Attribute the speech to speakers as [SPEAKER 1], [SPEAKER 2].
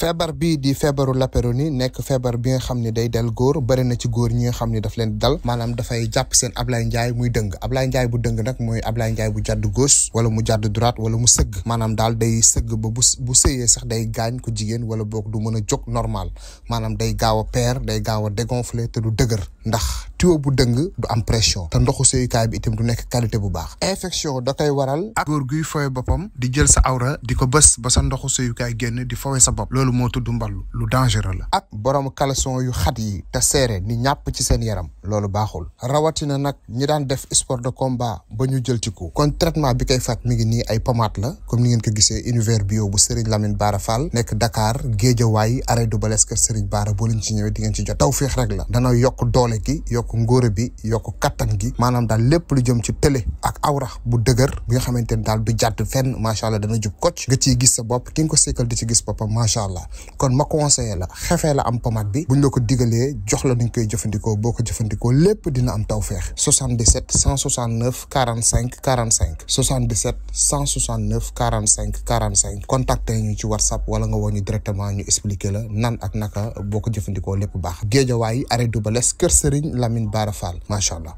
[SPEAKER 1] feebar bii di feebaru ni nekk feebar bi nga xam ne day dell góor bëri na ci góor ñi xam ne daf leen dal maanaam dafay jàpp seen Ablaye Ndiaye muy dëng Ablaye Ndiaye bu dëng nag mooy Ablaye Ndiaye bu jàdd gauche wala mu jàdd droite wala mu sëgg maanaam daal day sëgg ba bu bu sëyee sax day gaañ ko jigéen wala boog du mën a jóg normal maanaam day gaaw a peer day gaaw a dégonfler te du dëgër ndax tuyau bu dëng du am pression te ndoxu seyukaay bi itam du nekk qualité bu baax infection da koy waral ak góor guy fowe boppam di jël sa awra di ko bës ba sa ndoxu seyukaay génn di fowe sa bopp loolu moo tudd mballu lu dangereux la ak borom caleçon yu xat yi te seere ni ñàpp ci seen yaram loolu baaxul rawatina nag ñi daan def sport de combat ba ñu jël ci ko kon traitement bi koy faat mu ngi nii ay pommade la comme ni ngeen ko gisee univers bio bu Serigne Lamine Bara Fall nekk Dakar Géejawaay arrêt du Balès kër baara Bara boo ci ñëwee di ngeen ci jot feex rek la dana yokk doole gi yokk ngóore bi yokk kattan gi maanaam daal lépp lu jëm ci télé ak awra bu dëgër bi nga xamante ni daal du jàdd fenn macha allah dana jub kocc nga gis sa bopp ki nga ko sekkal di ci gis boppam macha allah kon ma conseillé la xefee la am pommade bi buñ la ko jëfandikoo boo ko jëfandikoo jëfandikoo lépp dina am tawféex 77 169 45 45 77 169 45 45 contacté ñu ci whatsapp wala nga woo ñu directement ñu expliqué la nan ak naka boo ko jëfandikoo lépp baax géejawaay arrêt Doubalès kër Serigne Lamine Bara Fall macha allah.